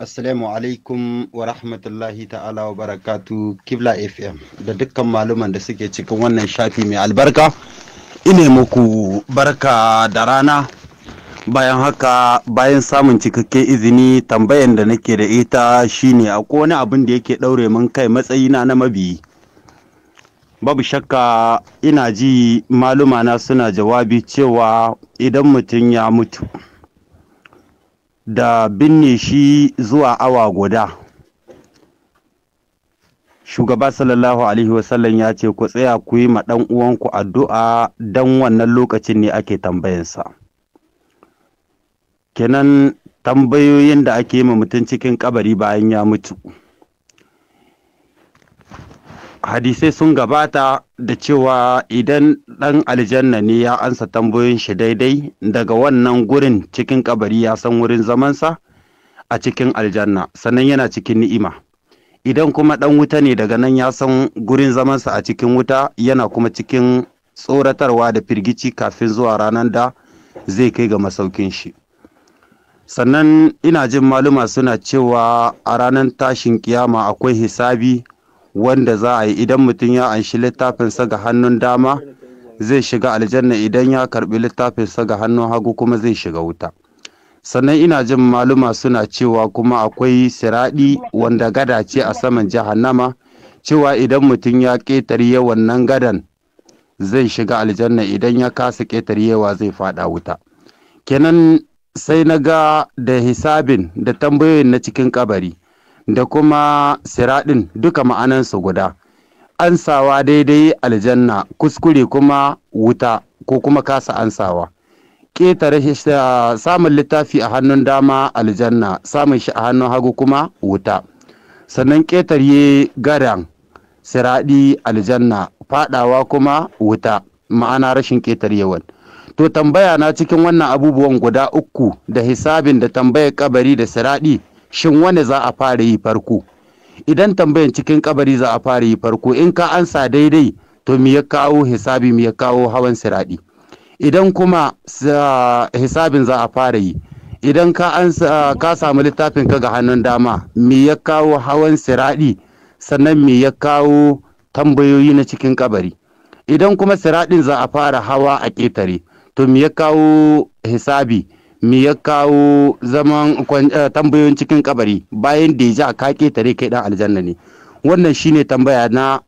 Assalamu alaikum wa rahmatullahi ta'ala wa barakatu Kibla FM da dukkan maluman da suke cikin wannan shafi mai albarka. Ine muku barka da rana bayan haka bayan samun cikakken izini tambayan da nake da ita shine akwai wani abin da yake ɗaure min kai matsayina na mabi. Babu shakka ina ji na suna jawabi cewa idan mutum ya mutu. da binne shi zuwa awa guda shugaba sallallahu alaihi wasallam ya ce ku tsaya ku yi ma ɗan uwanku addu'a don wannan lokacin ne ake tambayansa kenan tambayoyin da ake yi ma mutum cikin kabari bayan ya mutu hadisai sun gabata da cewa idan ɗan aljanna ne ya ansa tambayoyin shi daidai daga wannan gurin cikin kabari ya san wurin zamansa a cikin aljanna sannan yana cikin ni'ima idan kuma ɗan wuta ne daga nan ya san gurin zamansa a cikin wuta yana kuma cikin tsoratarwa da firgici kafin zuwa ranar da zai kai ga masaukin shi sannan ina jin maluma suna cewa a ranar tashin kiyama akwai hisabi wanda za a yi idan mutum ya anshi littafinsa ga hannun dama zai shiga aljanna idan ya karbi littafinsa ga hannun hagu kuma zai shiga wuta sannan ina jin maluma suna cewa kuma akwai siraɗi wanda gada ce a saman jahannama cewa idan mutum ya ƙetare wannan gadan zai shiga aljanna idan ya kasa ƙetarewa zai faɗa wuta kenan sai na ga da hisabin da tambayoyin na cikin kabari da kuma siraɗin duka ma'anansu guda ansawa daidai aljanna kuskure kuma wuta ko kuma kasa ansawa ƙetare ah, samun littafi a hannun dama aljanna samun shi a hannun hagu kuma wuta sannan ƙetare gadan siraɗi aljanna faɗawa kuma wuta ma'ana rashin ƙetarewan to tambaya na cikin wannan abubuwan guda uku da hisabin da tambayar kabari da siraɗi shin wani za a fara yi farko idan tambayan cikin kabari za a fara yi farko in ka ansa daidai to mi ya kawo hisabi mi ya kawo hawan siradi idan kuma hisabin za a fara yi idan ka ansa ka samu littafin ka ga hannun dama mi ya kawo hawan siradi sannan mi ya kawo tambayoyi na cikin kabari idan kuma siradin za a fara hawa a ƙetare to mi ya kawo hisabi me ya kawo zaman eh, tambayoyin cikin kabari bayan da a ka ketare kai dan aljanna ne wannan shine tambaya na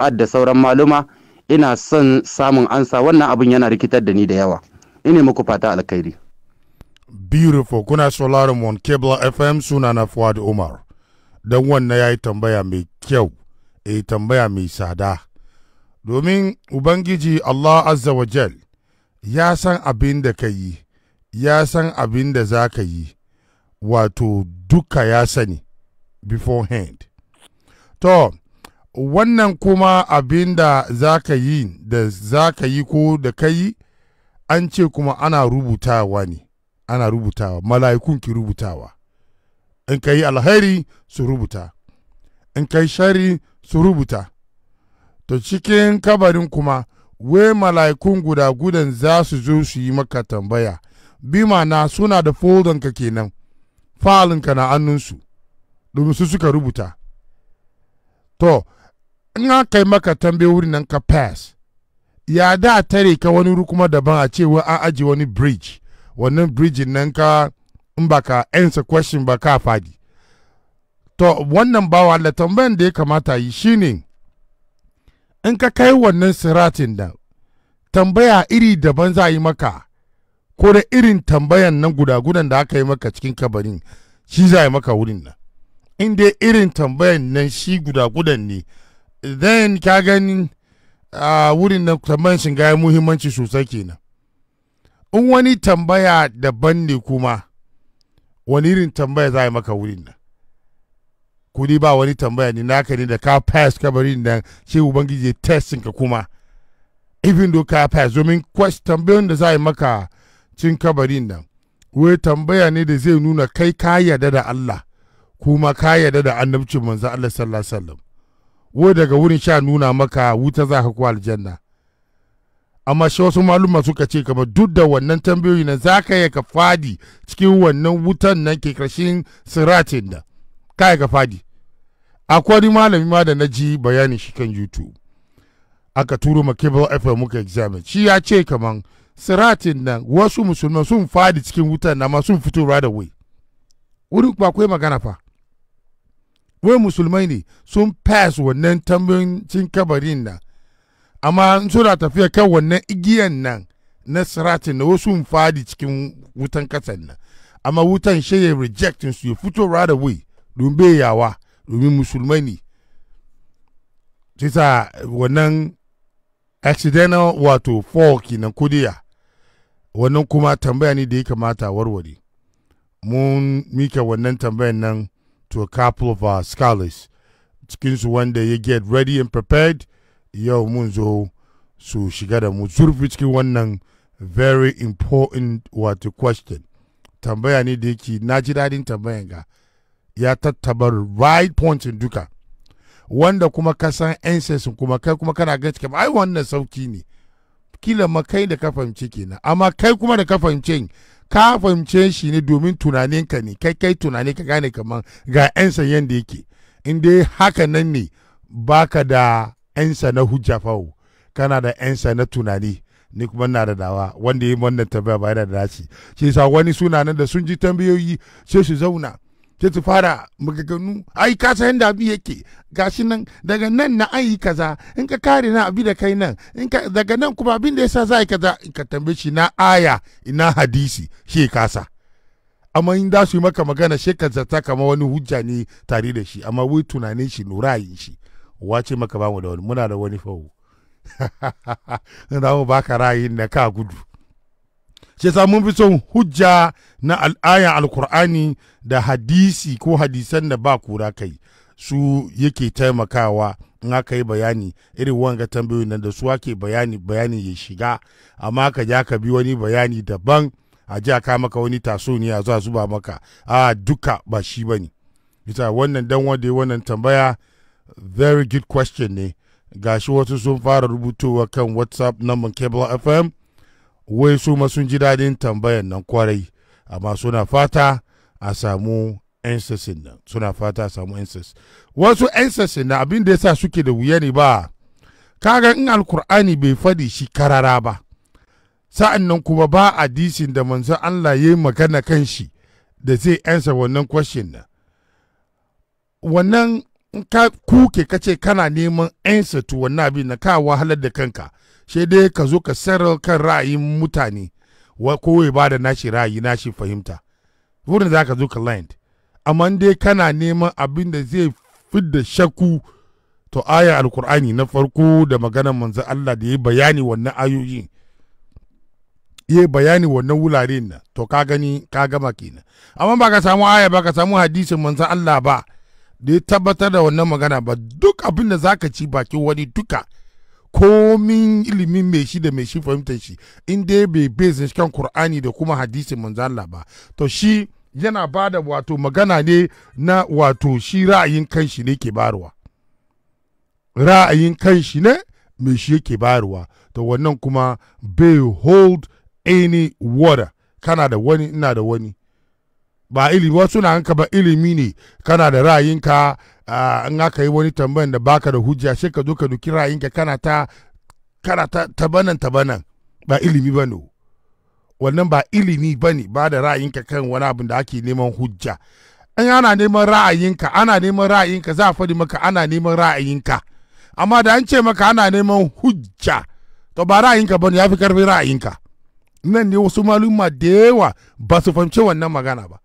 ad da sauran maluma ina son samun ansa wannan abin yana rikitar da ni da yawa ina muku fata alkhairi beautiful kuna sauraron on kebla fm suna na fuad umar dan wannan yayi tambaya mai kyau eh tambaya mai tsada domin ubangiji allah azza wa jal ya san abin da ka yi ya san abin da za ka yi wato duka ya sani beforehand to wannan kuma abin da za ka yi da za ka yi ko da ka yi an ce kuma ana rubutawa ne ana rubutawa mala'ikun ki rubutawa in ka yi alheri su rubuta in ka yi shari su rubuta to cikin kabarin kuma we mala'ikun guda gudan za su zo su yi maka tambaya bi ma'ana suna da ka kenan falinka na hannunsu domin su suka rubuta to in aka yi maka wurin nan ka pass ya da tare ka wani rukuma kuma daban a cewa an aji wani bridge wannan bridge nan ka in ba ka answer question ba ka fadi to wannan bawa da tambayan da ya kamata yi shine in ka kai wannan siratin da tambaya iri daban za yi maka ko da irin tambayan nan gudagudan da aka yi maka cikin kabarin shi za a yi maka wurin nan in dai irin tambayan nan shi gudagudan ne then ka gani a wurin nan tambayan shi ga muhimmanci sosai kenan in wani tambaya daban ne kuma wani irin tambaya za a yi maka wurin nan kudi ba wani tambaya ne naka ne da ka pass kabarin nan shi ubangiji testing ka kuma even though ka pass domin tambayoyin da za a yi maka cin kabarin nan wai tambaya ne da zai nuna kai ka yarda da Allah kuma ka yarda da annabcin manzo Allah sallallahu alaihi wasallam wai daga wurin sha nuna maka wuta za ka ku aljanna amma shi wasu maluma suka ce kamar duk da wannan tambayoyi na za ka ka fadi cikin wannan wutan nan ke karshen siratin da ka ka fadi akwai malami ma da na ji bayanin shi kan youtube aka turo ma cable fm muka examine shi ya ce kaman siratin nan wasu musulman sun fadi cikin wutan na masu sun fito right away wurin ba akwai magana fa wai musulmai ne sun pass wannan tambayin kabarin nan amma suna tafiya kan wannan igiyan nan na siratin na wasu fadi cikin wutan kasan nan amma wutan shi ya reject su ya fito right away domin yawa domin musulmai ne sai wannan accidental wato fall kenan kudiya wannan kuma tambaya ne da ya kamata warware mun mika wannan tambayan nan to a couple of our scholars cikinsu wanda ya get ready and prepared yau mun zo su shiga da mu zurfi cikin wannan very important wato question tambaya ne da yake na ji daɗin tambayan ga ya tattabar right points duka wanda kuma ka san ancestors kuma kai kuma kana ga cikin ai wannan sauki ne kila ma kai da ka fahimce kenan amma kai kuma da ka fahimce ka fahimce shi ne domin tunaninka ne kai kai tunani ka gane kaman ga yansa yanda yake in dai haka nan ne baka da yansa na hujja fawo kana da yansa na tunani ni kuma na da dawa wanda yi wannan tambaya ba da dace shi yasa wani sunanan da sun ji tambayoyi sai su zauna sai su fara magaganu ai ka san da abi yake gashi nan daga nan na an yi kaza in ka kare na abi da kai nan in ka daga nan kuma abin da yasa za yi kaza in ka tambaye shi na aya ina hadisi shi kasa amma in da su yi maka magana shi ka zata kama wani hujja ne tare da shi amma wai tunanin shi nurayin shi wace maka bamu da wani muna da wani fawo za mu baka rayin na ka gudu shi yasa mun fi son hujja na al'aya alkur'ani da hadisi ko hadisan da ba kura kai su yake taimakawa in aka yi bayani irin wanga tambayoyin nan da su ake bayani bayani ya shiga amma ka ja ka bi wani bayani daban a ji ka maka wani tasoniya za zuba maka a duka ba shi ba ne bisa wannan dan wanda ya wannan tambaya very good question ne gashi wasu sun fara rubutowa kan whatsapp na cable fm wai su ma sun ji daɗin tambayan nan kwarai amma suna fata a samu ensasin nan suna fata a samu wasu ensasin na abin da ya sa suke da wuya ne ba kaga in alkur'ani bai fadi shi karara ba sa'an nan kuma ba a disin da manzon Allah ya yi magana kan shi da zai ansa wannan question na wannan ka kuke kace kana neman ansa to wannan abin na ka wahalar da kanka sai dai ka zo ka sarar kan ra'ayin mutane ko ya ba da nashi ra'ayi nashi fahimta wurin za ka zo ka land amma dai kana neman abin da zai fidda shakku to aya alkur'ani na farko da maganar manzan Allah da ya bayani wannan ayoyi ya bayani wannan wulare na to ka gani ka gama kenan amma ba ka samu aya ba ka samu hadisin manzan Allah ba da ya tabbatar da wannan magana ba duk abin da zaka ci bakin wani duka komin ilimin mai shi da mai shi fahimtar shi in dai bai bezin kan kur'ani da kuma hadisi manzala ba to shi yana ba da wato magana ne na wato shi ra'ayin kanshi ne ke barwa ra'ayin kanshi ne mai shi yake bayarwa to wannan kuma bai hold any water kana da wani ina da wani ba ilimi wasu na hanka ba ilimi ne kana da ra'ayinka Ah, in aka yi wani tambayan da baka da hujja sai ka zo ka duki ra'ayinka kana ta kana ta tabanan tabanan ba ilimi ba ne wannan ba ilimi ba ne ba da ra'ayinka kan wani abin da ake neman hujja in ana neman ra'ayinka ana neman ra'ayinka za a faɗi maka ana neman ra'ayinka amma da an ce maka ana neman hujja to ba ra'ayinka ba ne ya fi karfin ra'ayinka nan ne wasu maluma da yawa ba su fahimci wannan magana ba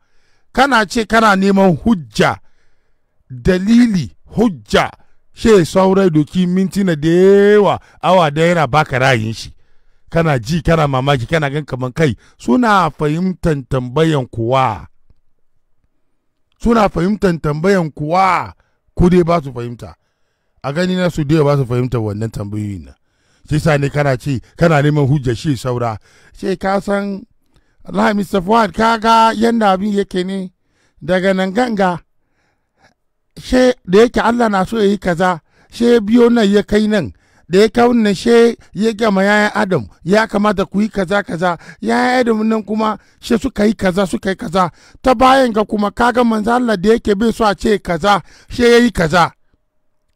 kana ce kana neman hujja dalili hujja she saura doki mintina da yawa awa da yana baka rayin shi kana ji kana mamaki kana gan kaman kai suna fahimtan tambayan kuwa suna fahimtan tambayan kuwa ku dai ba su fahimta a gani na su dai ba su fahimta wannan tambayoyin nan shi sa ne kana ce kana neman hujja shi saura sai ka san Alhamis Fuad kaga yanda abin yake ne daga nan ganga she da yake Allah na so ya yi kaza she biyo nan ya kai nan da ya kawo nan she ya gama yayan Adam ya kamata ku yi kaza kaza yayan Adam nan kuma she suka yi kaza suka yi kaza ta bayan ga kuma kaga manzo Allah da yake bai so a ce kaza she ya yi kaza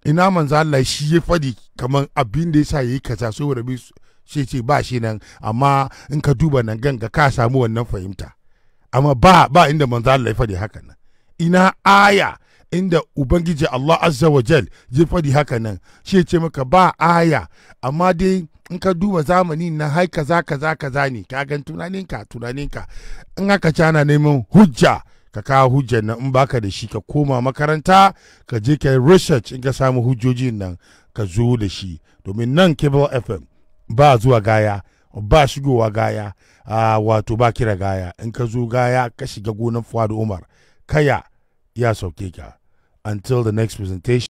ina manzo Allah shi ya fadi kamar abin da ya ya yi kaza saboda rabi she ce ba shi nan amma in ka duba nan ganga ka samu wannan fahimta amma ba ba inda manzo Allah ya fadi haka nan ina aya inda ubangiji Allah azza wa jal ji faɗi haka nan shi ce maka ba aya amma dai in ka duba zamani na hai za ka za ne ka gan tunaninka tunaninka in aka cana neman hujja ka kawo hujjar nan in baka da shi ka koma makaranta ka je ka research in ka samu hujjoji nan ka zo da shi domin nan cable fm ba zuwa gaya ba shigowa gaya a wato ba kira gaya in ka zo gaya ka shiga gonar fuad umar kaya ya sauke ka Until the next presentation.